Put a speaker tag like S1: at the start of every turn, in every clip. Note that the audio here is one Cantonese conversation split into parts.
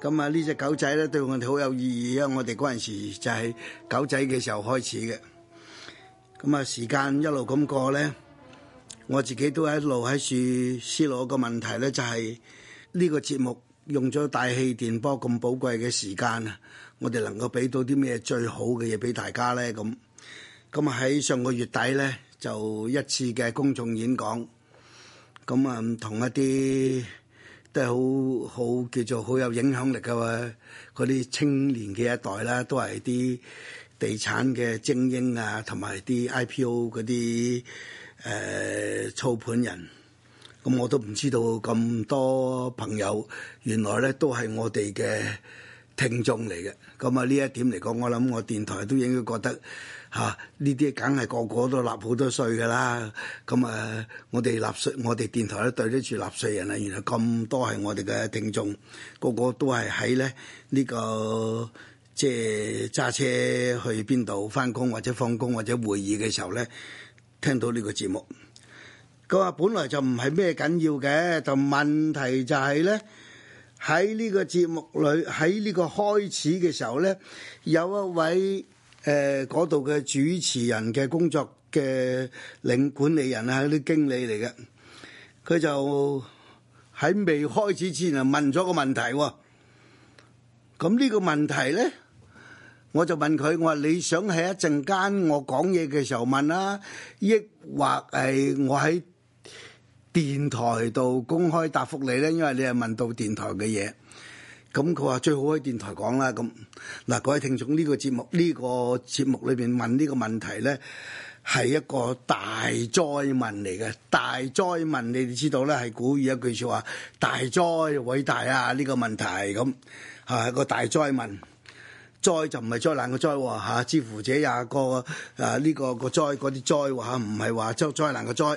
S1: 咁啊！呢隻狗仔咧，對我哋好有意義啊！我哋嗰陣時就係狗仔嘅時候開始嘅。咁啊，時間一路咁過咧，我自己都係一路喺處思考個問題咧，就係呢個節目用咗大氣電波咁寶貴嘅時間啊，我哋能夠俾到啲咩最好嘅嘢俾大家咧？咁咁喺上個月底咧，就一次嘅公眾演講，咁啊，唔同一啲。都係好好叫做好有影響力嘅嗰啲青年嘅一代啦，都係啲地產嘅精英啊，同埋啲 IPO 嗰啲誒操盤人。咁我都唔知道咁多朋友，原來呢都係我哋嘅。聽眾嚟嘅，咁啊呢一點嚟講，我諗我電台都應該覺得嚇呢啲，梗係個個都納好多稅噶啦。咁啊，我哋納稅，我哋電台都對得住納稅人啊。原來咁多係我哋嘅聽眾，個個都係喺咧呢個即係揸車去邊度翻工或者放工或者會議嘅時候咧，聽到呢個節目。佢話本來就唔係咩緊要嘅，就問題就係咧。喺呢個節目裏，喺呢個開始嘅時候咧，有一位誒嗰度嘅主持人嘅工作嘅領管理人啊，嗰啲經理嚟嘅，佢就喺未開始之前啊問咗個問題，咁呢個問題咧，我就問佢：我話你想喺一陣間我講嘢嘅時候問啦，抑或係我喺電台度公開答覆你咧，因為你係問到電台嘅嘢，咁佢話最好喺電台講啦。咁嗱，各位聽眾，呢個節目呢個節目裏邊問呢個問題咧，係一個大災問嚟嘅。大災問，你哋知道咧，係古語一句說話，大災偉大啊！呢個問題咁係一個大災問，災就唔係災難嘅災喎嚇。知乎者也個啊，呢個個災嗰啲災吓，唔係話災災難嘅災。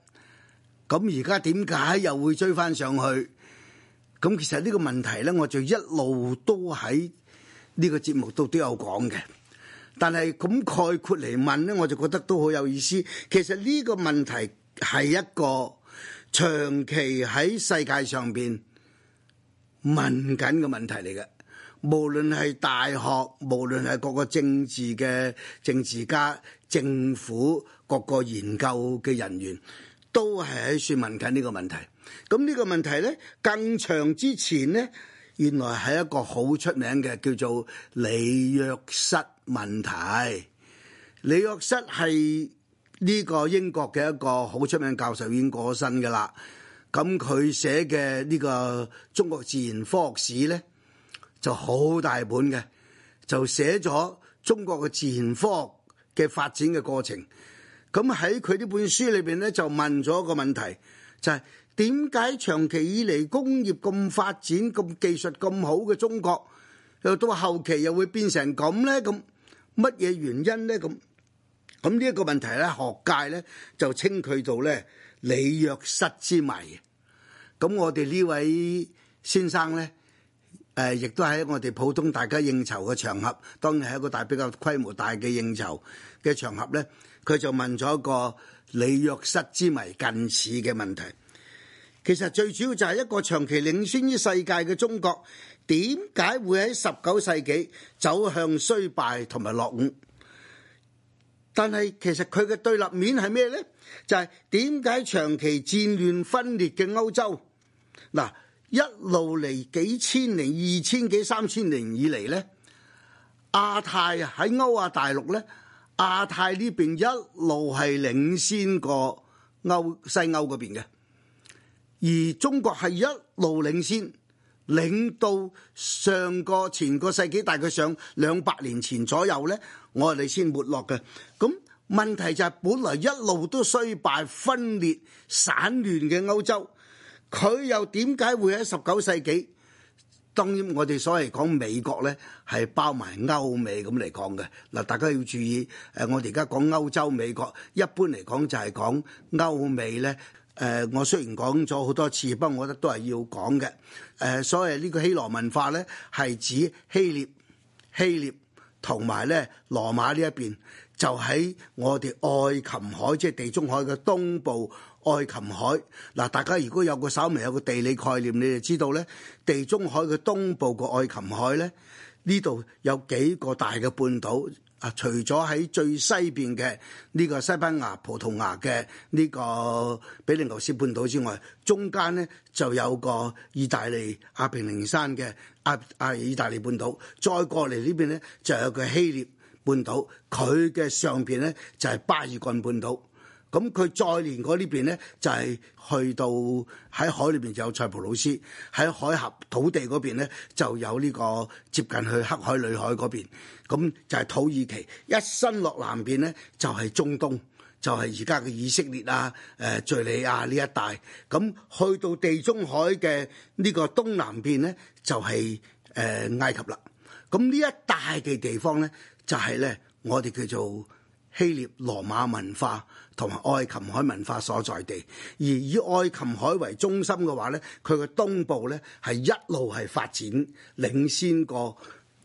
S1: 咁而家點解又會追翻上去？咁其實呢個問題呢，我就一路都喺呢個節目度都有講嘅。但係咁概括嚟問呢，我就覺得都好有意思。其實呢個問題係一個長期喺世界上邊問緊嘅問題嚟嘅。無論係大學，無論係各個政治嘅政治家、政府各個研究嘅人員。都係喺説問緊呢個問題，咁呢個問題呢，更長之前呢，原來係一個好出名嘅叫做李約瑟問題。李約瑟係呢個英國嘅一個好出名教授，已經過身㗎喇。咁佢寫嘅呢個中國自然科學史呢，就好大本嘅，就寫咗中國嘅自然科學嘅發展嘅過程。咁喺佢呢本書裏邊咧，就問咗個問題，就係點解長期以嚟工業咁發展、咁技術咁好嘅中國，又到後期又會變成咁咧？咁乜嘢原因咧？咁咁呢一個問題咧，學界咧就稱佢做咧李約瑟之謎。咁我哋呢位先生咧，誒亦都喺我哋普通大家應酬嘅場合，當然係一個大比較規模大嘅應酬嘅場合咧。佢就問咗一個李約瑟之謎近似嘅問題。其實最主要就係一個長期領先於世界嘅中國，點解會喺十九世紀走向衰敗同埋落伍？但係其實佢嘅對立面係咩呢？就係點解長期戰亂分裂嘅歐洲，嗱一路嚟幾千零二千幾三千年以嚟呢？亞太喺歐亞大陸呢。亞太呢邊一路係領先過歐西歐嗰邊嘅，而中國係一路領先，領到上個前個世紀大概上兩百年前左右呢，我哋先沒落嘅。咁問題就係本來一路都衰敗分裂散亂嘅歐洲，佢又點解會喺十九世紀？當然，我哋所謂講美國呢係包埋歐美咁嚟講嘅。嗱，大家要注意，誒，我哋而家講歐洲美國，一般嚟講就係講歐美呢。誒，我雖然講咗好多次，不過我覺得都係要講嘅。誒，所謂呢個希羅文化呢，係指希臘、希臘同埋呢羅馬呢一邊，就喺我哋愛琴海，即係地中海嘅東部。愛琴海。嗱，大家如果有個稍微有個地理概念，你就知道咧，地中海嘅東部個愛琴海咧，呢度有幾個大嘅半島啊。除咗喺最西邊嘅呢個西班牙、葡萄牙嘅呢個比利牛斯半島之外，中間咧就有個意大利亞平寧山嘅亞啊意大利半島，再過嚟呢邊咧就有個希臘半島，佢嘅上邊咧就係巴爾幹半島。咁佢再連過呢邊咧，就係去到喺海裏邊有塞浦路斯，喺海峽土地嗰邊咧就有呢個接近去黑海裏海嗰邊，咁就係土耳其。一伸落南邊咧，就係中東，就係而家嘅以色列啊、誒敘利亞呢一帶。咁去到地中海嘅呢個東南邊咧，就係誒埃及啦。咁呢一帶嘅地方咧，就係咧我哋叫做希臘羅馬文化同埋愛琴海文化所在地，而以愛琴海為中心嘅話咧，佢嘅東部咧係一路係發展領先過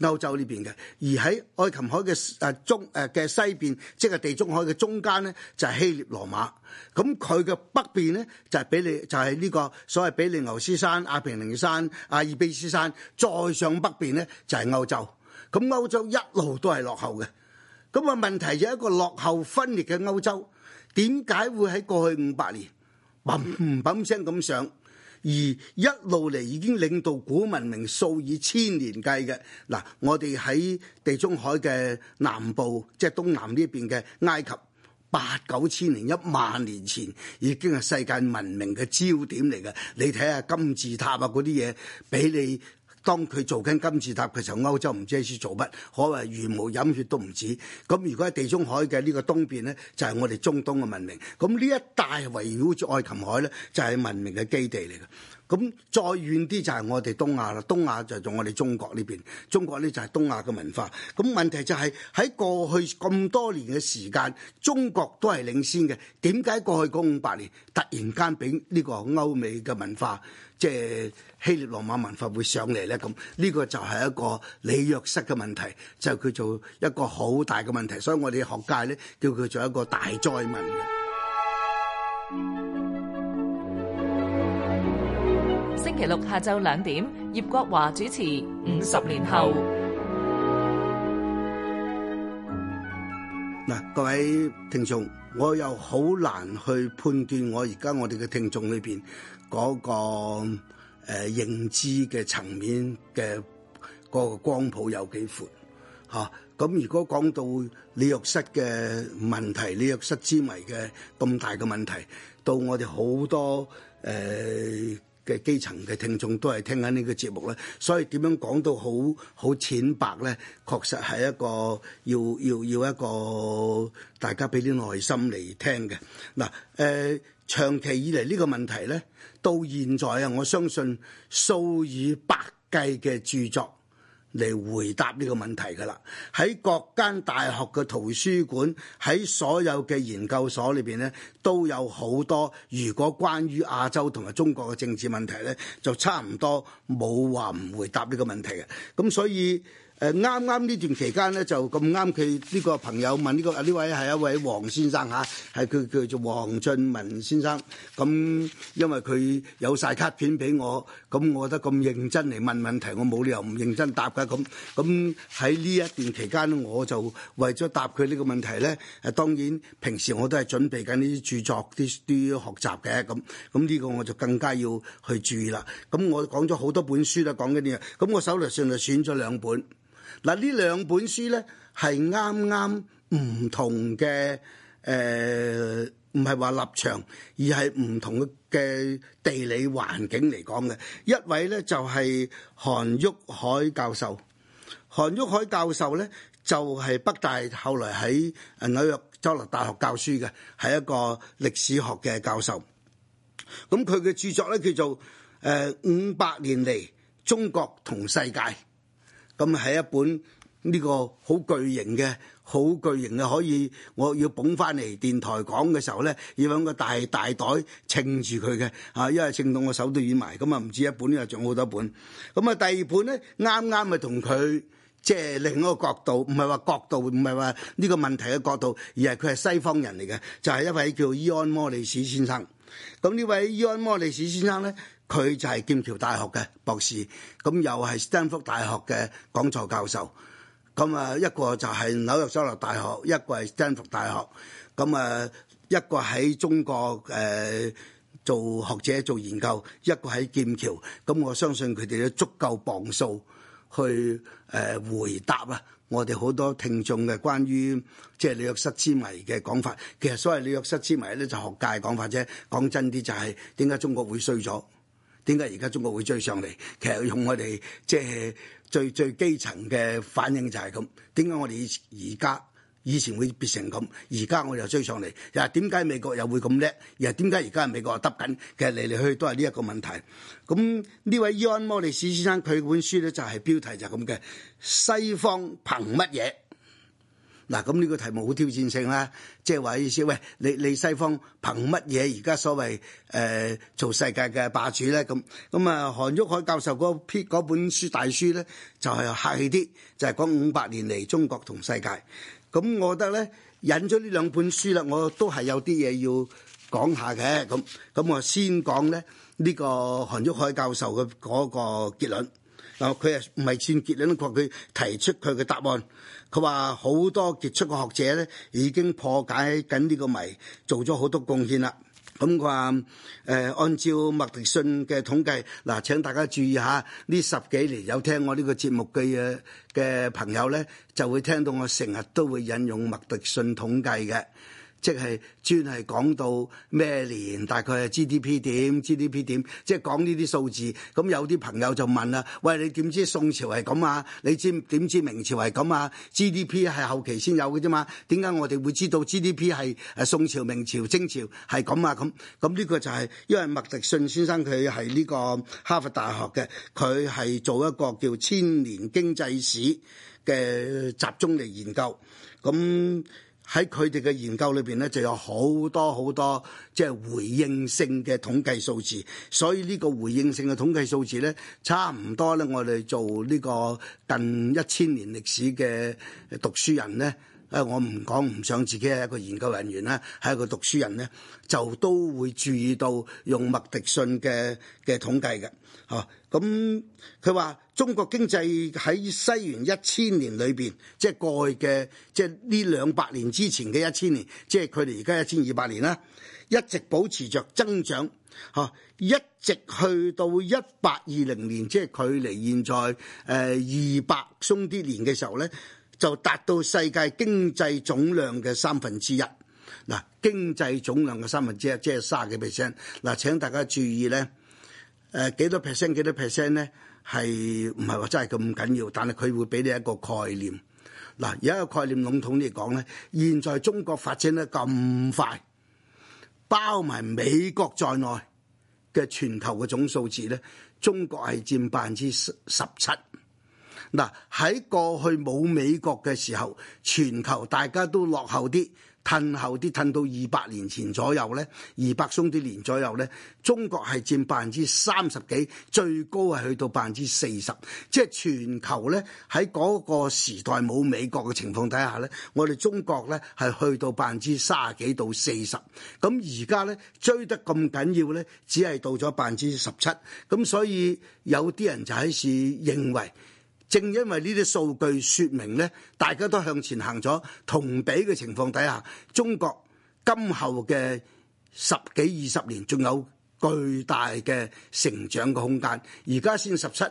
S1: 歐洲呢邊嘅，而喺愛琴海嘅誒中誒嘅、啊啊啊、西邊，即係地中海嘅中間咧就係、是、希臘羅馬，咁佢嘅北邊咧就係、是、比利就係、是、呢個所謂比利牛斯山、阿平寧山、阿爾卑斯山，再上北邊咧就係、是、歐洲，咁、嗯、歐洲一路都係落後嘅。咁啊！問題就一個落後分裂嘅歐洲，點解會喺過去五百年嘭嘭 聲咁上？而一路嚟已經領導古文明數以千年計嘅嗱，我哋喺地中海嘅南部，即係東南呢邊嘅埃及，八九千年、一萬年前已經係世界文明嘅焦點嚟嘅。你睇下金字塔啊，嗰啲嘢俾你。當佢做緊金字塔嘅時候，歐洲唔知喺處做乜，可謂茹毛飲血都唔止。咁如果喺地中海嘅呢個東邊呢，就係我哋中東嘅文明。咁呢一帶圍繞住愛琴海呢，就係文明嘅基地嚟嘅。咁再遠啲就係我哋東亞啦，東亞就係我哋中國呢邊。中國呢，就係東亞嘅文化。咁問題就係喺過去咁多年嘅時間，中國都係領先嘅。點解過去嗰五百年突然間俾呢個歐美嘅文化？即係希臘羅馬文化會上嚟咧，咁，呢、呢個就係一個李約瑟嘅問題，就叫做一個好大嘅問題，所以我哋學界咧叫佢做一個大哉問。星期六下晝兩點，葉國華主持《五十年後》。嗱，各位聽眾，我又好難去判斷我而家我哋嘅聽眾裏邊。嗰、那個誒、呃、認知嘅層面嘅嗰、那個光譜有幾闊嚇？咁、啊、如果講到李約瑟嘅問題、李約瑟之謎嘅咁大嘅問題，到我哋好多誒嘅、呃、基層嘅聽眾都係聽緊呢個節目咧，所以點樣講到好好淺白咧？確實係一個要要要一個大家俾啲耐心嚟聽嘅嗱誒。長期以來呢個問題呢，到現在啊，我相信數以百計嘅著作嚟回答呢個問題㗎啦。喺各間大學嘅圖書館，喺所有嘅研究所裏邊呢，都有好多。如果關於亞洲同埋中國嘅政治問題呢，就差唔多冇話唔回答呢個問題嘅。咁所以。誒，啱啱呢段期間咧就咁啱佢呢個朋友問呢、呢個啊，呢位係一位黃先生嚇，係佢叫做黃俊文先生。咁因為佢有晒卡片俾我，咁我覺得咁認真嚟問問題，我冇理由唔認真答噶。咁咁喺呢一段期間咧，我就為咗答佢呢個問題咧，誒當然平時我都係準備緊啲著，著作啲啲學習嘅咁，咁呢個我就更加要去注意啦。咁我講咗好多本書啦，講緊啲嘢，咁我手頭上就選咗兩本。嗱，呢兩本書咧係啱啱唔同嘅誒，唔係話立場，而係唔同嘅地理環境嚟講嘅。一位咧就係韓毓海教授，韓毓海教授咧就係北大後來喺紐約州立大學教書嘅，係一個歷史學嘅教授。咁佢嘅著作咧叫做《誒五百年嚟中國同世界》。咁係一本呢個好巨型嘅，好巨型嘅，可以我要捧翻嚟電台講嘅時候咧，要用個大大袋稱住佢嘅，啊，因為稱到我手都已埋，咁啊唔止一本，又仲好多本。咁啊第二本咧，啱啱啊同佢即係另一個角度，唔係話角度，唔係話呢個問題嘅角度，而係佢係西方人嚟嘅，就係、是、一位叫伊安摩利斯先生。咁呢位伊安摩利斯先生咧。佢就係劍橋大學嘅博士，咁又係斯坦福大學嘅講座教授。咁啊，一個就係紐約州立大學，一個係斯坦福大學。咁啊，一個喺中國誒、呃、做學者做研究，一個喺劍橋。咁我相信佢哋都足夠磅數去誒、呃、回答啊。我哋好多聽眾嘅關於即係李約瑟之謎嘅講法，其實所謂李約瑟之謎咧，就是、學界講法啫。講真啲就係點解中國會衰咗？點解而家中國會追上嚟？其實用我哋即係最最基層嘅反應就係咁。點解我哋而家以前會變成咁？而家我又追上嚟。又點解美國又會咁叻？又點解而家美國又耷緊？其實嚟嚟去去都係呢一個問題。咁呢位伊安摩利斯先生，佢本書咧就係標題就係咁嘅，西方憑乜嘢？嗱，咁呢個題目好挑戰性啦，即係話意思，喂，你你西方憑乜嘢而家所謂誒、呃、做世界嘅霸主咧？咁咁啊，韓旭海教授嗰篇嗰本書大書咧，就係、是、客氣啲，就係、是、講五百年嚟中國同世界。咁我覺得咧，引咗呢兩本書啦，我都係有啲嘢要講下嘅。咁咁我先講咧呢、這個韓旭海教授嘅嗰個結論。嗱，佢啊唔係算結論，佢提出佢嘅答案。佢話好多傑出嘅學者咧已經破解緊呢個謎，做咗好多貢獻啦。咁佢話誒，按照麥迪遜嘅統計，嗱，請大家注意下，呢十幾年有聽我呢個節目嘅嘅朋友咧，就會聽到我成日都會引用麥迪遜統計嘅。即係專係講到咩年，大概係 GDP 點，GDP 點，即係講呢啲數字。咁有啲朋友就問啦，啊，喂，你點知宋朝係咁啊？你知點知明朝係咁啊？GDP 係後期先有嘅啫嘛？點解我哋會知道 GDP 係誒宋朝、明朝、清朝係咁啊？咁咁呢個就係、是、因為麥迪遜先生佢係呢個哈佛大學嘅，佢係做一個叫千年經濟史嘅集中嚟研究。咁喺佢哋嘅研究裏邊咧，就有好多好多即係、就是、回應性嘅統計數字，所以呢個回應性嘅統計數字咧，差唔多咧，我哋做呢個近一千年歷史嘅讀書人咧。誒，我唔講唔想自己係一個研究人員咧，係一個讀書人咧，就都會注意到用麥迪遜嘅嘅統計嘅，嚇咁佢話中國經濟喺西元一千年裏邊，即係過去嘅，即係呢兩百年之前嘅一千年，即係距離而家一千二百年啦，一直保持着增長，嚇，一直去到一八二零年，即係距離現在誒二百鬆啲年嘅時候咧。就達到世界經濟總量嘅三分之一，嗱經濟總量嘅三分之一即係卅幾 percent，嗱請大家注意咧，誒、呃、幾多 percent 幾多 percent 咧係唔係話真係咁緊要？但係佢會俾你一個概念。嗱而家個概念籠統嚟講咧，現在中國發展得咁快，包埋美國在內嘅全球嘅總數字咧，中國係佔百分之十十七。嗱喺過去冇美國嘅時候，全球大家都落後啲，褪後啲，褪到二百年前左右咧，二百鬆啲年左右咧，中國係佔百分之三十幾，最高係去到百分之四十。即係全球咧喺嗰個時代冇美國嘅情況底下咧，我哋中國咧係去到百分之三十幾到四十。咁而家咧追得咁緊要咧，只係到咗百分之十七。咁所以有啲人就喺度認為。正因為呢啲數據說明咧，大家都向前行咗，同比嘅情況底下，中國今後嘅十幾二十年仲有巨大嘅成長嘅空間，而家先十七。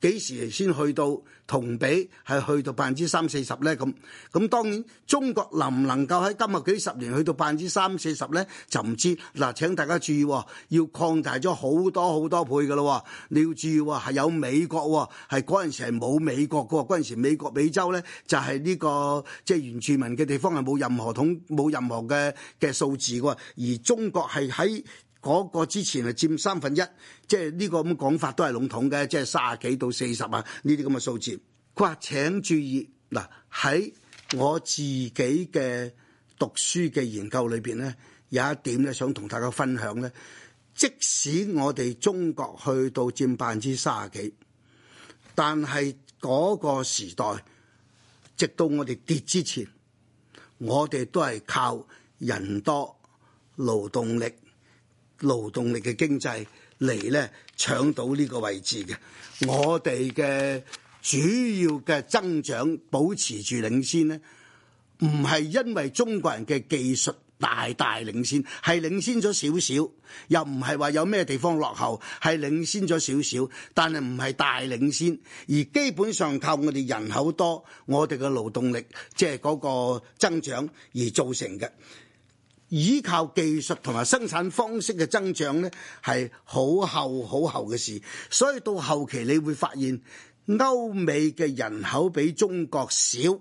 S1: 幾時先去到同比係去到百分之三四十呢？咁咁當然中國能唔能夠喺今日幾十年去到百分之三四十呢？就唔知。嗱，請大家注意，要擴大咗好多好多倍㗎喇。你要注意係有美國喎，係嗰陣時係冇美國嘅喎。嗰陣時美國美洲呢就係呢個即係原住民嘅地方係冇任何統冇任何嘅嘅數字嘅喎，而中國係喺。嗰個之前係佔三分一，即係呢個咁講法都係籠統嘅，即係三十幾到四十啊，呢啲咁嘅數字。佢話請注意嗱，喺我自己嘅讀書嘅研究裏邊咧，有一點咧想同大家分享咧。即使我哋中國去到佔百分之三十幾，但係嗰個時代，直到我哋跌之前，我哋都係靠人多勞動力。勞動力嘅經濟嚟咧搶到呢個位置嘅，我哋嘅主要嘅增長保持住領先呢，唔係因為中國人嘅技術大大領先，係領先咗少少，又唔係話有咩地方落後，係領先咗少少，但係唔係大領先，而基本上靠我哋人口多，我哋嘅勞動力即係嗰個增長而造成嘅。依靠技術同埋生產方式嘅增長咧，係好後好後嘅事，所以到後期你會發現歐美嘅人口比中國少。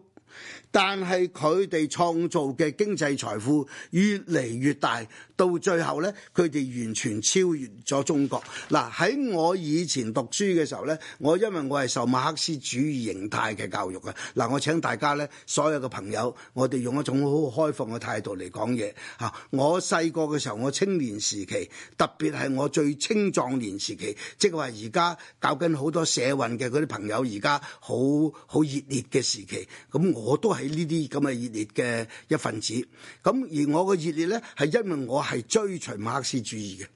S1: 但係佢哋創造嘅經濟財富越嚟越大，到最後咧，佢哋完全超越咗中國嗱，喺我以前讀書嘅時候咧，我因為我係受馬克思主義形態嘅教育嘅，嗱，我請大家咧，所有嘅朋友，我哋用一種好開放嘅態度嚟講嘢吓，我細個嘅時候，我青年時期，特別係我最青壯年時期，即係話而家搞緊好多社運嘅啲朋友，而家好好熱烈嘅時期，咁我都係。呢啲咁嘅熱烈嘅一份子，咁而我嘅熱烈呢，係因為我係追隨馬克思主義嘅，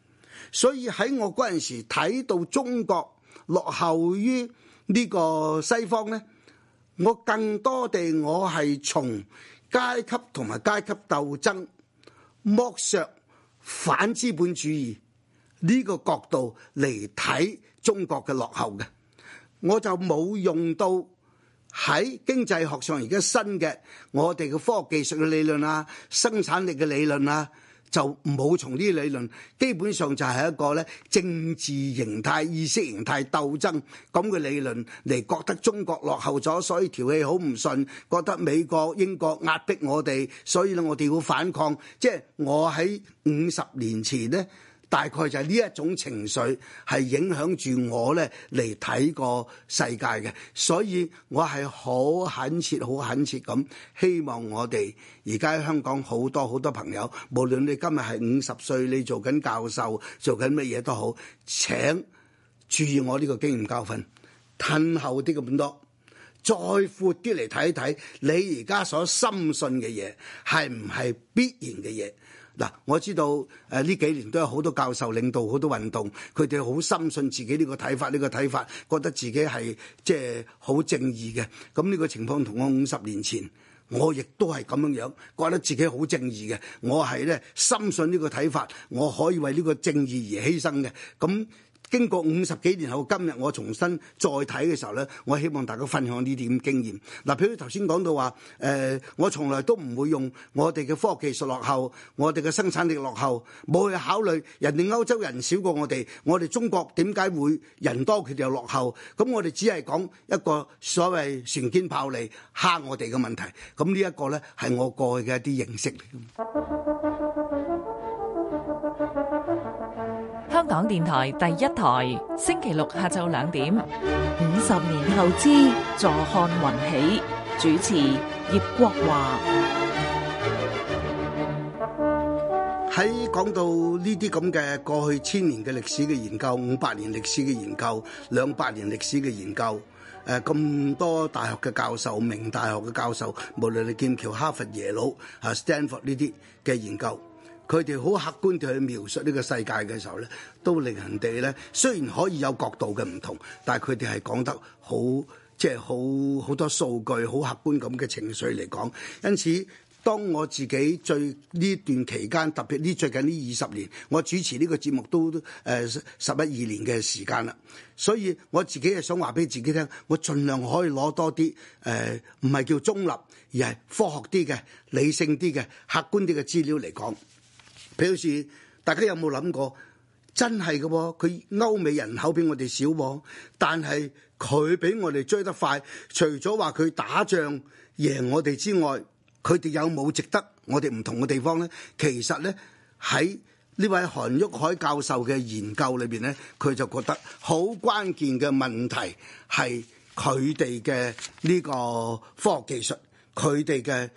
S1: 所以喺我嗰陣時睇到中國落後於呢個西方呢，我更多地我係從階級同埋階級鬥爭、剝削、反資本主義呢個角度嚟睇中國嘅落後嘅，我就冇用到。喺經濟學上而家新嘅，我哋嘅科學技術嘅理論啊，生產力嘅理論啊，就唔好從呢啲理論，基本上就係一個咧政治形態、意識形態鬥爭咁嘅理論嚟覺得中國落後咗，所以條氣好唔順，覺得美國、英國壓迫我哋，所以咧我哋要反抗。即係我喺五十年前呢。大概就係呢一種情緒，係影響住我咧嚟睇個世界嘅，所以我係好懇切、好懇切咁希望我哋而家香港好多好多朋友，無論你今日係五十歲你做緊教授、做緊乜嘢都好，請注意我呢個經驗教訓，褪後啲咁多，再闊啲嚟睇一睇，你而家所深信嘅嘢係唔係必然嘅嘢？嗱，我知道誒呢幾年都有好多教授領導好多運動，佢哋好深信自己呢個睇法，呢個睇法覺得自己係即係好正義嘅。咁呢個情況同我五十年前，我亦都係咁樣樣，覺得自己好正義嘅。我係咧深信呢個睇法，我可以為呢個正義而犧牲嘅。咁。經過五十幾年後，今日我重新再睇嘅時候呢，我希望大家分享呢啲咁經驗。嗱，譬如頭先講到話，誒，我從來都唔會用我哋嘅科學技術落後，我哋嘅生產力落後，冇去考慮人哋歐洲人少過我哋，我哋中國點解會人多佢哋又落後？咁我哋只係講一個所謂船堅炮利蝦我哋嘅問題。咁呢一個呢，係我過去嘅一啲認識。港電台第一台，星期六下晝兩點。五十年後之坐看雲起，主持葉國華。喺講到呢啲咁嘅過去千年嘅歷史嘅研究，五百年歷史嘅研究，兩百年歷史嘅研究，誒，咁多大學嘅教授，名大學嘅教授，無論係劍橋、哈佛、耶魯、啊 Stanford 呢啲嘅研究。佢哋好客觀地去描述呢個世界嘅時候咧，都令人哋咧，雖然可以有角度嘅唔同，但係佢哋係講得好即係，好好多數據、好客觀咁嘅情緒嚟講。因此，當我自己最呢段期間，特別呢最近呢二十年，我主持呢個節目都誒十一二年嘅時間啦。所以我自己係想話俾自己聽，我盡量可以攞多啲誒，唔係叫中立，而係科學啲嘅、理性啲嘅、客觀啲嘅資料嚟講。表示大家有冇諗過，真係嘅，佢歐美人口比我哋少，但係佢比我哋追得快。除咗話，佢打仗贏我哋之外，佢哋有冇值得我哋唔同嘅地方呢？其實呢，喺呢位韓毓海教授嘅研究裏邊，呢，佢就覺得好關鍵嘅問題，係佢哋嘅呢個科學技術，佢哋嘅。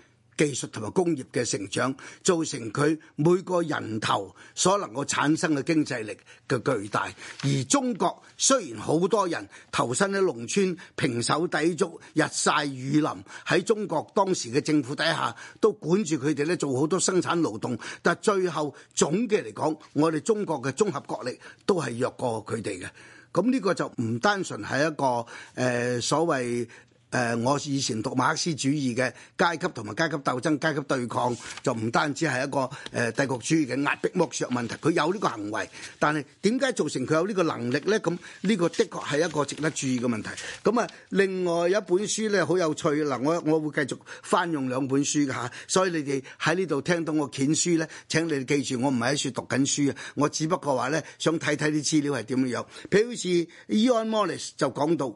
S1: 技術同埋工業嘅成長，造成佢每個人頭所能夠產生嘅經濟力嘅巨大。而中國雖然好多人投身喺農村，平手抵足，日曬雨淋，喺中國當時嘅政府底下都管住佢哋咧，做好多生產勞動。但最後總嘅嚟講，我哋中國嘅綜合國力都係弱過佢哋嘅。咁呢個就唔單純係一個誒、呃、所謂。誒，我以前讀馬克思主義嘅階級同埋階級鬥爭、階級對抗，就唔單止係一個誒帝國主義嘅壓迫剝削問題。佢有呢個行為，但係點解造成佢有呢個能力呢？咁呢個的確係一個值得注意嘅問題。咁啊，另外一本書呢，好有趣嗱，我我會繼續翻用兩本書嚇，所以你哋喺呢度聽到我掀書呢，請你哋記住，我唔係喺處讀緊書啊。我只不過話呢，想睇睇啲資料係點樣樣。譬如好似 Ian Morris 就講到。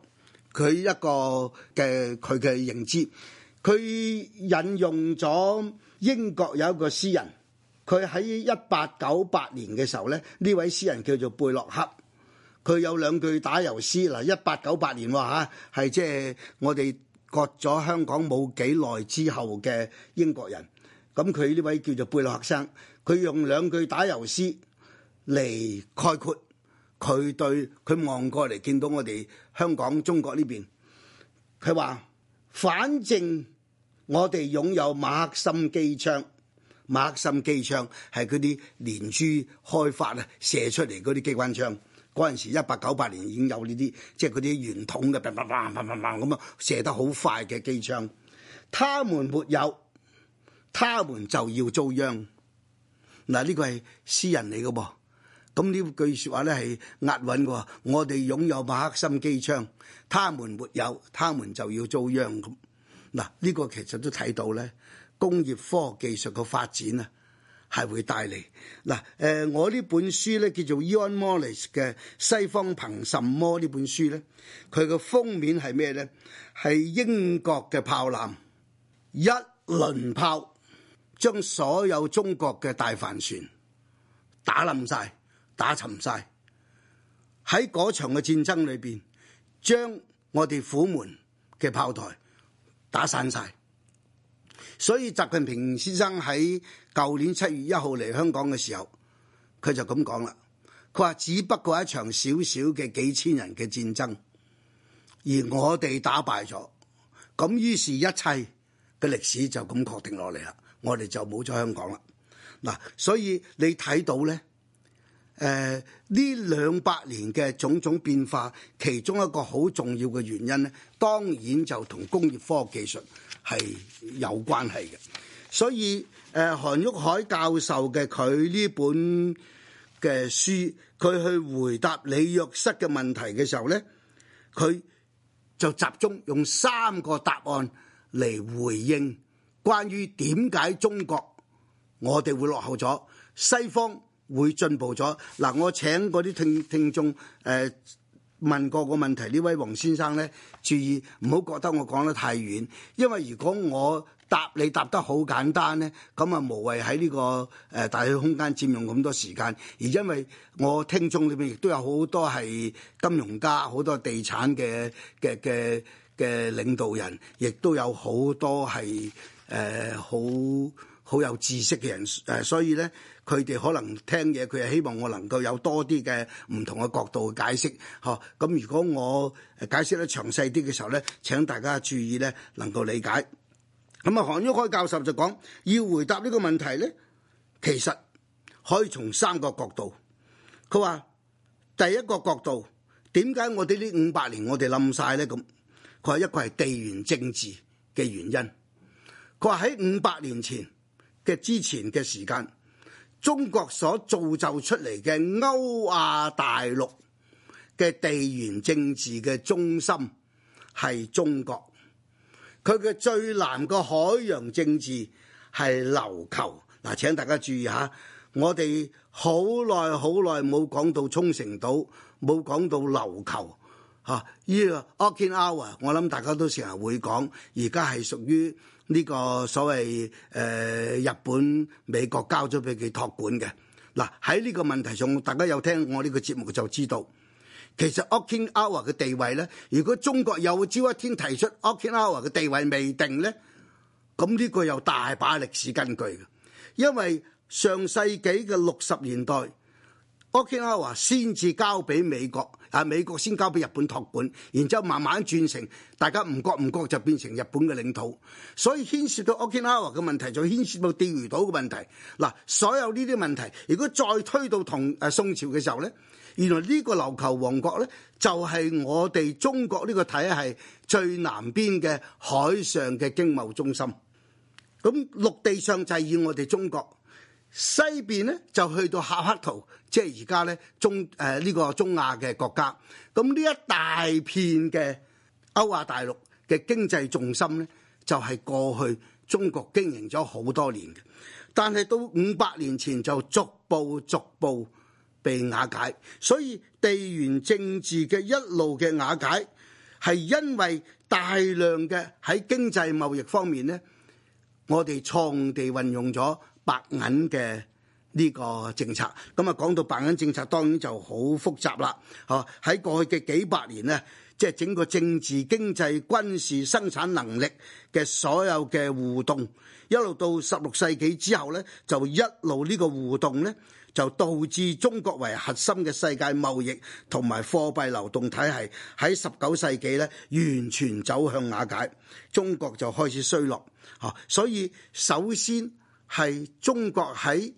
S1: 佢一個嘅佢嘅認知，佢引用咗英國有一個詩人，佢喺一八九八年嘅時候咧，呢位詩人叫做貝洛克，佢有兩句打油詩，嗱一八九八年喎嚇，係即係我哋割咗香港冇幾耐之後嘅英國人，咁佢呢位叫做貝洛克生，佢用兩句打油詩嚟概括。佢對佢望過嚟，見到我哋香港中國呢邊，佢話：反正我哋擁有馬克沁機槍，馬克沁機槍係嗰啲連珠開發啊，射出嚟嗰啲機關槍。嗰陣時一八九八年已經有呢啲，即係嗰啲圓筒嘅叭叭叭叭叭叭咁啊，巴巴巴巴巴射得好快嘅機槍。他們沒有，他們就要遭殃。嗱，呢個係私人嚟嘅噃。咁呢句説話咧係押韻嘅。我哋擁有馬克沁機槍，他們沒有，他們就要遭殃咁嗱。呢個其實都睇到咧，工業科技術嘅發展啊，係會帶嚟嗱。誒，我呢本書咧叫做《Ian Morris》嘅《西方憑什麼》呢本書咧，佢嘅封面係咩咧？係英國嘅炮艦一輪炮將所有中國嘅大帆船打冧曬。打沉晒喺嗰場嘅戰爭裏邊，將我哋虎門嘅炮台打散晒。所以習近平先生喺舊年七月一號嚟香港嘅時候，佢就咁講啦。佢話只不過一場小小嘅幾千人嘅戰爭，而我哋打敗咗。咁於是，一切嘅歷史就咁確定落嚟啦。我哋就冇咗香港啦。嗱，所以你睇到咧。誒呢兩百年嘅種種變化，其中一個好重要嘅原因咧，當然就同工業科學技術係有關係嘅。所以誒，韓、呃、旭海教授嘅佢呢本嘅書，佢去回答李約瑟嘅問題嘅時候咧，佢就集中用三個答案嚟回應關於點解中國我哋會落後咗西方。會進步咗嗱，我請嗰啲聽聽眾誒、呃、問過個問題，呢位王先生咧，注意唔好覺得我講得太遠，因為如果我答你答得好簡單咧，咁啊無謂喺呢、這個誒、呃、大氣空間佔用咁多時間，而因為我聽眾裏邊亦都有好多係金融家，好多地產嘅嘅嘅嘅領導人，亦都有好多係誒好。呃好有知識嘅人，誒，所以咧，佢哋可能聽嘢，佢係希望我能夠有多啲嘅唔同嘅角度解釋，呵。咁如果我誒解釋得詳細啲嘅時候咧，請大家注意咧，能夠理解。咁啊，韓旭開教授就講，要回答呢個問題咧，其實可以從三個角度。佢話第一個角度，點解我哋呢五百年我哋冧晒咧？咁佢話一個係地緣政治嘅原因。佢話喺五百年前。嘅之前嘅時間，中國所造就出嚟嘅歐亞大陸嘅地緣政治嘅中心係中國，佢嘅最南個海洋政治係琉球。嗱，請大家注意吓，我哋好耐好耐冇講到沖繩島，冇講到琉球吓。呢個 Okinawa 啊，我諗大家都成日會講，而家係屬於。呢個所謂誒，日本美國交咗俾佢託管嘅，嗱，喺呢個問題上，大家有聽我呢個節目就知道，其實 Okinawa 嘅地位咧，如果中國有朝一天提出 Okinawa 嘅地位未定咧，咁呢個有大把歷史根據嘅，因為上世紀嘅六十年代。Okinawa、ok、先至交俾美國，啊，美國先交俾日本託管，然之後慢慢轉成大家唔覺唔覺就變成日本嘅領土，所以牽涉到 Okinawa、ok、嘅問題，就牽涉到釣魚島嘅問題。嗱、啊，所有呢啲問題，如果再推到同誒、啊、宋朝嘅時候呢，原來呢個琉球王國呢，就係、是、我哋中國呢個體系最南邊嘅海上嘅經貿中心，咁陸地上就係以我哋中國。西邊咧就去到恰克圖，即係而家咧中誒呢、呃呢個中亞嘅國家。咁呢一大片嘅歐亞大陸嘅經濟重心咧，就係、是、過去中國經營咗好多年嘅，但係到五百年前就逐步逐步被瓦解。所以地緣政治嘅一路嘅瓦解，係因為大量嘅喺經濟貿易方面咧，我哋錯地運用咗。白銀嘅呢個政策，咁啊講到白銀政策，當然就好複雜啦。哦，喺過去嘅幾百年呢，即係整個政治、經濟、軍事、生產能力嘅所有嘅互動，一路到十六世紀之後呢，就一路呢個互動呢，就導致中國為核心嘅世界貿易同埋貨幣流動體系喺十九世紀呢完全走向瓦解，中國就開始衰落。哦，所以首先。係中國喺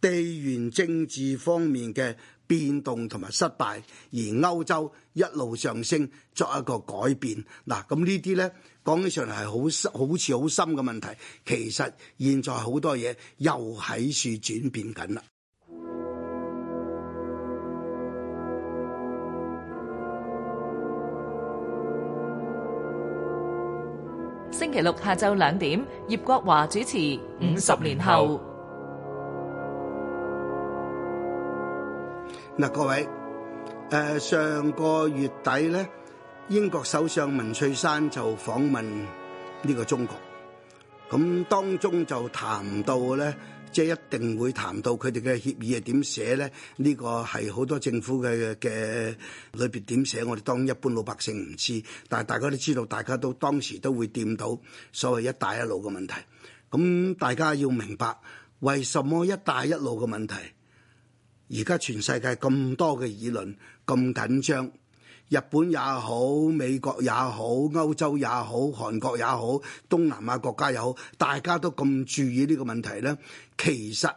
S1: 地緣政治方面嘅變動同埋失敗，而歐洲一路上升作一個改變。嗱，咁呢啲咧，講起上嚟係好好似好深嘅問題。其實現在好多嘢又喺處轉變緊啦。星期六下晝兩點，葉國華主持《五十年後》。嗱，各位，誒，上個月底咧，英國首相文翠珊就訪問呢個中國，咁當中就談到咧，即係一定會談到佢哋嘅協議係點寫咧？呢個係好多政府嘅嘅裏邊點寫，我哋當一般老百姓唔知，但係大家都知道，大家都當時都會掂到所謂一帶一路嘅問題。咁大家要明白，為什麼「一帶一路」嘅問題而家全世界咁多嘅議論咁緊張？日本也好，美國也好，歐洲也好，韓國也好，東南亞國家也好，大家都咁注意呢個問題呢。其實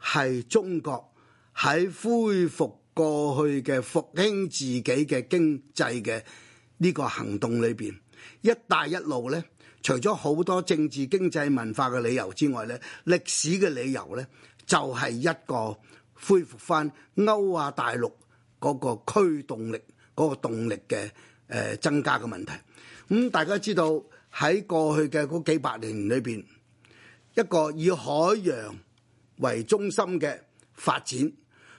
S1: 係中國喺恢復過去嘅復興自己嘅經濟嘅呢個行動裏邊，一帶一路呢，除咗好多政治、經濟、文化嘅理由之外，呢歷史嘅理由呢，就係一個恢復翻歐亞大陸嗰個驅動力。嗰個動力嘅誒增加嘅問題，咁大家知道喺過去嘅嗰幾百年裏邊，一個以海洋為中心嘅發展，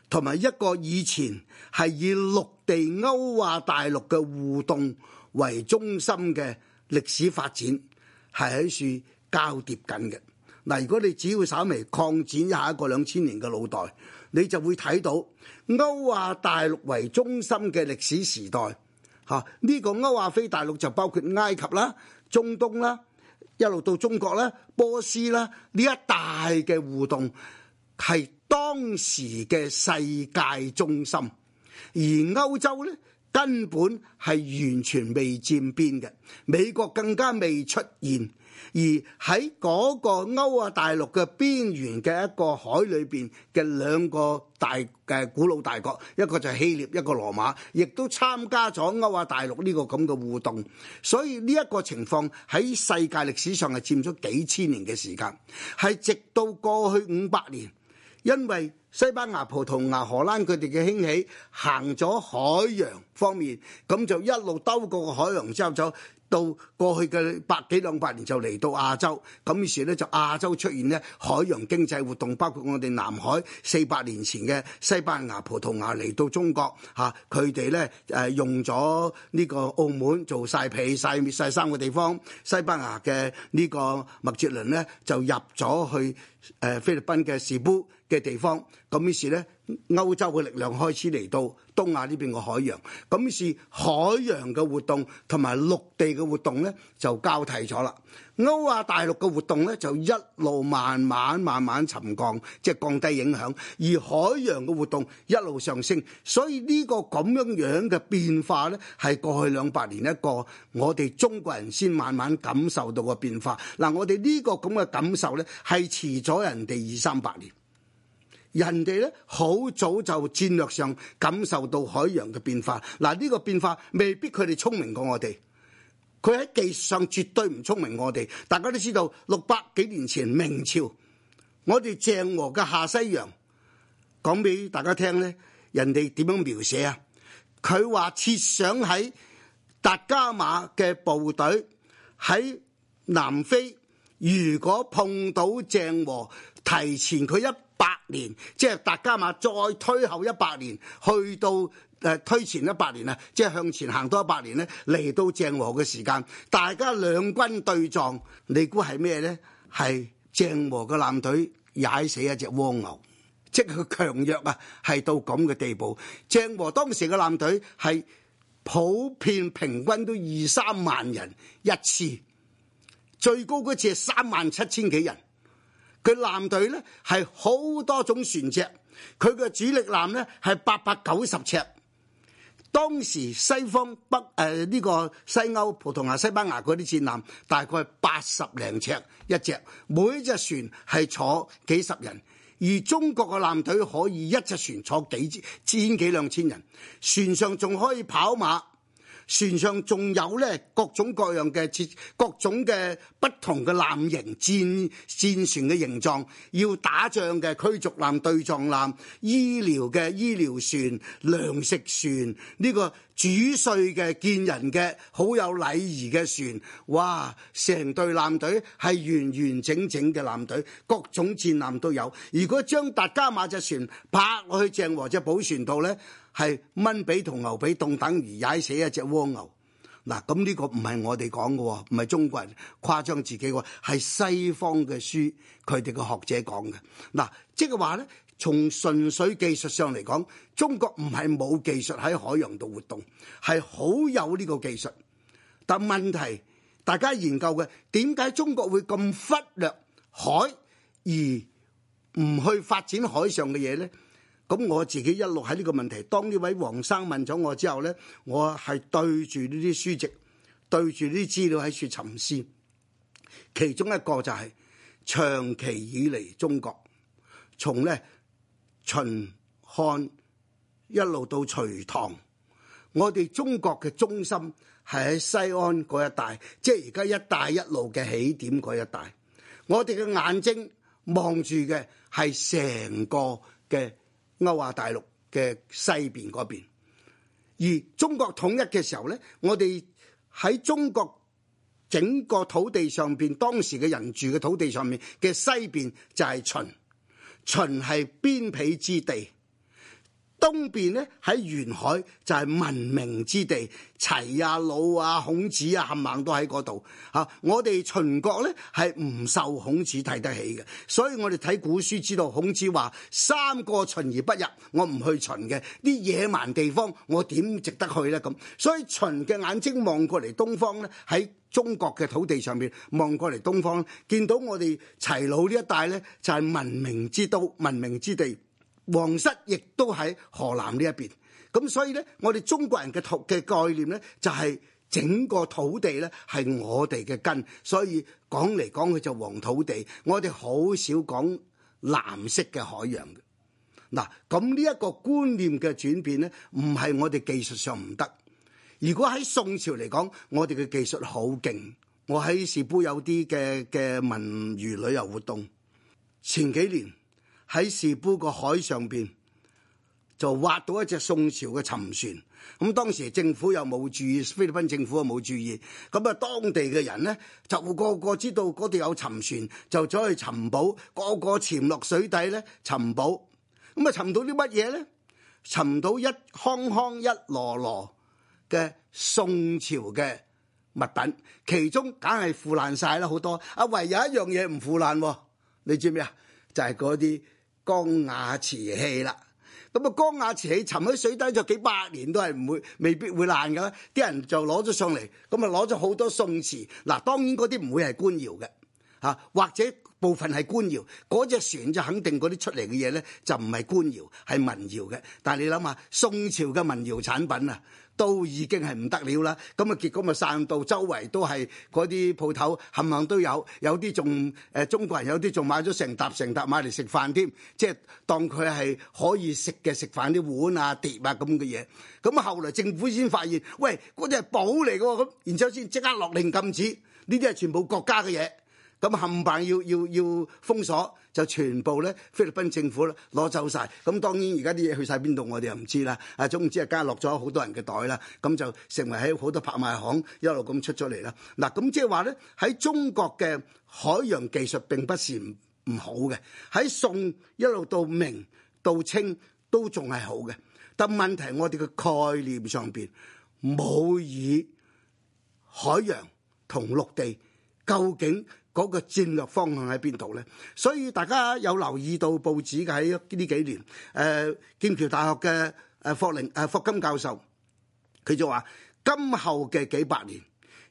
S1: 同埋一個以前係以陸地歐亞大陸嘅互動為中心嘅歷史發展，係喺處交疊緊嘅。嗱，如果你只要稍微擴展一下一個兩千年嘅腦袋，你就會睇到歐亞大陸為中心嘅歷史時代，嚇，呢個歐亞非大陸就包括埃及啦、中東啦，一路到中國啦、波斯啦，呢一大嘅互動係當時嘅世界中心，而歐洲呢，根本係完全未佔邊嘅，美國更加未出現。而喺嗰個歐亞大陸嘅邊緣嘅一個海裏邊嘅兩個大嘅、呃、古老大國，一個就係希臘，一個羅馬，亦都參加咗歐亞大陸呢個咁嘅互動。所以呢一個情況喺世界歷史上係佔咗幾千年嘅時間，係直到過去五百年，因為西班牙、葡萄牙、荷蘭佢哋嘅興起，行咗海洋方面，咁就一路兜過個海洋之後走。到過去嘅百幾兩百年就嚟到亞洲，咁於是咧就亞洲出現咧海洋經濟活動，包括我哋南海四百年前嘅西班牙、葡萄牙嚟到中國，嚇佢哋咧誒用咗呢個澳門做晒皮晒滅曬三個地方，西班牙嘅呢個麥哲倫咧就入咗去誒菲律賓嘅士布嘅地方咁於是咧，歐洲嘅力量開始嚟到東亞呢邊嘅海洋，咁於是海洋嘅活動同埋陸地嘅活動咧就交替咗啦。歐亞大陸嘅活動咧就一路慢慢慢慢沉降，即係降低影響，而海洋嘅活動一路上升，所以呢個咁樣樣嘅變化咧係過去兩百年一個我哋中國人先慢慢感受到嘅變化。嗱，我哋呢個咁嘅感受咧係遲咗人哋二三百年。人哋咧好早就戰略上感受到海洋嘅變化。嗱，呢個變化未必佢哋聰明過我哋。佢喺技術上絕對唔聰明我哋。大家都知道六百幾年前明朝，我哋鄭和嘅下西洋講俾大家聽咧，人哋點樣描寫啊？佢話設想喺達加馬嘅部隊，喺南非，如果碰到鄭和，提前佢一。百年，即係達伽馬，再推後一百年，去到誒、呃、推前一百年啊，即係向前行多一百年咧，嚟到鄭和嘅時間，大家兩軍對撞，你估係咩咧？係鄭和嘅艦隊踩死一隻蝸牛，即係佢強弱啊，係到咁嘅地步。鄭和當時嘅艦隊係普遍平均都二三萬人一次，最高嗰次係三萬七千幾人。佢艦隊呢，係好多種船隻。佢嘅主力艦呢，係八百九十尺。當時西方北誒呢、呃這個西歐、葡萄牙、西班牙嗰啲戰艦大概八十零尺一隻，每隻船係坐幾十人，而中國嘅艦隊可以一隻船坐幾千幾兩千人，船上仲可以跑馬。船上仲有呢，各種各樣嘅設，各種嘅不同嘅艦型戰戰船嘅形狀，要打仗嘅驅逐艦對撞艦，醫療嘅醫療船、糧食船，呢、這個主帥嘅見人嘅好有禮儀嘅船，哇！成隊艦隊係完完整整嘅艦隊，各種戰艦都有。如果將達加馬隻船拍落去鄭和隻寶船度呢。係蚊比同牛比，同等於踩死一隻蝸牛，嗱，咁呢個唔係我哋講嘅，唔係中國人誇張自己，係西方嘅書，佢哋嘅學者講嘅。嗱，即係話呢，從純粹技術上嚟講，中國唔係冇技術喺海洋度活動，係好有呢個技術。但問題大家研究嘅，點解中國會咁忽略海而唔去發展海上嘅嘢呢？咁我自己一路喺呢個問題，當呢位黃生問咗我之後咧，我係對住呢啲書籍，對住呢啲資料喺度尋思，其中一個就係長期以嚟中國從咧秦漢一路到隋唐，我哋中國嘅中心係喺西安嗰一帶，即係而家一帶一路嘅起點嗰一帶。我哋嘅眼睛望住嘅係成個嘅。歐亞大陸嘅西邊嗰邊，而中國統一嘅時候咧，我哋喺中國整個土地上邊，當時嘅人住嘅土地上面嘅西邊就係秦，秦係邊鄙之地。東邊咧喺沿海就係文明之地，齊啊、魯啊、孔子啊，冚唪唥都喺嗰度。吓，我哋秦國咧係唔受孔子睇得起嘅，所以我哋睇古書知道孔子話：三個秦而不入，我唔去秦嘅。啲野蠻地方我點值得去呢？咁所以秦嘅眼睛望過嚟東方咧，喺中國嘅土地上面望過嚟東方，見到我哋齊魯呢一帶咧就係文明之都、文明之地。黃沙亦都喺河南呢一邊，咁所以呢，我哋中國人嘅土嘅概念呢，就係整個土地呢係我哋嘅根，所以講嚟講去就黃土地，我哋好少講藍色嘅海洋嘅。嗱，咁呢一個觀念嘅轉變呢，唔係我哋技術上唔得。如果喺宋朝嚟講，我哋嘅技術好勁，我喺時報有啲嘅嘅文娛旅遊活動，前幾年。喺士布個海上邊就挖到一隻宋朝嘅沉船，咁當時政府又冇注意，菲律賓政府又冇注意，咁啊當地嘅人咧就個個知道嗰度有沉船，就走去尋寶，個個潛落水底咧尋寶，咁啊尋到啲乜嘢咧？尋到一筐筐、一籮籮嘅宋朝嘅物品，其中梗係腐爛曬啦，好多啊，唯有一樣嘢唔腐爛，你知唔知啊？就係嗰啲。江雅瓷器啦，咁啊江雅瓷器沉喺水底咗幾百年都係唔會未必會爛噶。啲人就攞咗上嚟，咁啊攞咗好多宋瓷。嗱，當然嗰啲唔會係官窯嘅，吓，或者。部分係官窯，嗰隻船就肯定嗰啲出嚟嘅嘢咧，就唔係官窯，係民窯嘅。但係你諗下，宋朝嘅民窯產品啊，都已經係唔得了啦。咁啊，結果咪散到周圍都係嗰啲鋪頭，冚唪唥都有，有啲仲誒中國人有，有啲仲買咗成疊成疊買嚟食飯添，即係當佢係可以食嘅食飯啲碗啊碟啊咁嘅嘢。咁後來政府先發現，喂，嗰啲係寶嚟㗎，咁然之後先即刻落令禁止，呢啲係全部國家嘅嘢。咁冚唪唥要要要封鎖就全部咧，菲律賓政府攞走晒。咁當然而家啲嘢去晒邊度，我哋又唔知啦。啊，總之係加落咗好多人嘅袋啦。咁就成為喺好多拍賣行一路咁出咗嚟啦。嗱，咁即係話咧，喺中國嘅海洋技術並不是唔好嘅，喺宋一路到明到清都仲係好嘅。但問題我哋嘅概念上邊冇以海洋同陸地究竟？嗰個戰略方向喺邊度咧？所以大家有留意到報紙嘅喺呢幾年，誒劍橋大學嘅誒霍寧誒霍金教授，佢就話：今後嘅幾百年，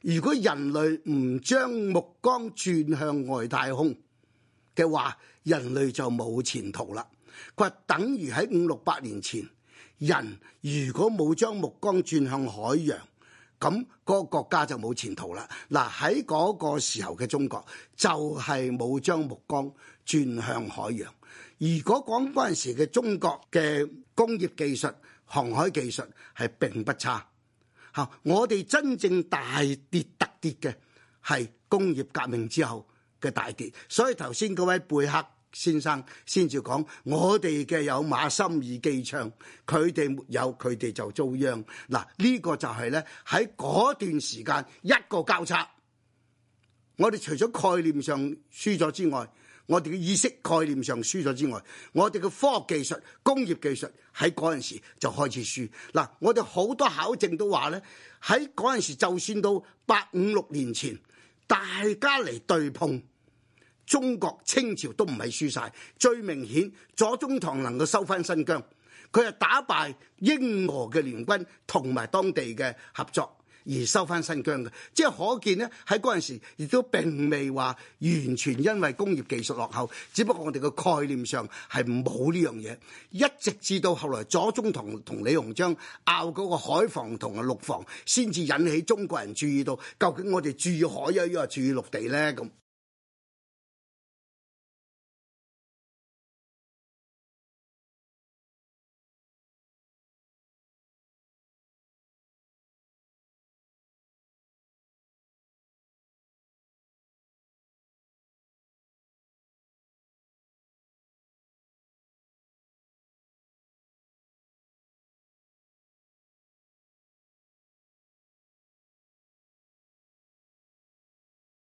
S1: 如果人類唔將目光轉向外太空嘅話，人類就冇前途啦。佢話等於喺五六百年前，人如果冇將目光轉向海洋。咁、那個國家就冇前途啦！嗱，喺嗰個時候嘅中國就係冇將目光轉向海洋。如果講陣時嘅中國嘅工業技術、航海技術係並不差。吓，我哋真正大跌突跌嘅係工業革命之後嘅大跌。所以頭先嗰位貝克先生先至講，我哋嘅有馬心爾機槍，佢哋沒有，佢哋就遭殃。嗱，呢個就係呢，喺嗰段時間一個交叉。我哋除咗概念上輸咗之外，我哋嘅意識概念上輸咗之外，我哋嘅科學技術、工業技術喺嗰陣時就開始輸。嗱，我哋好多考證都話呢，喺嗰陣時就算到八五六年前，大家嚟對碰。中國清朝都唔係輸晒，最明顯左宗棠能夠收翻新疆，佢係打敗英俄嘅聯軍同埋當地嘅合作而收翻新疆嘅，即係可見呢喺嗰陣時亦都並未話完全因為工業技術落後，只不過我哋嘅概念上係冇呢樣嘢，一直至到後來左宗棠同李鴻章拗嗰個海防同埋陸防，先至引起中國人注意到究竟我哋注意海啊要啊注意陸地呢？咁。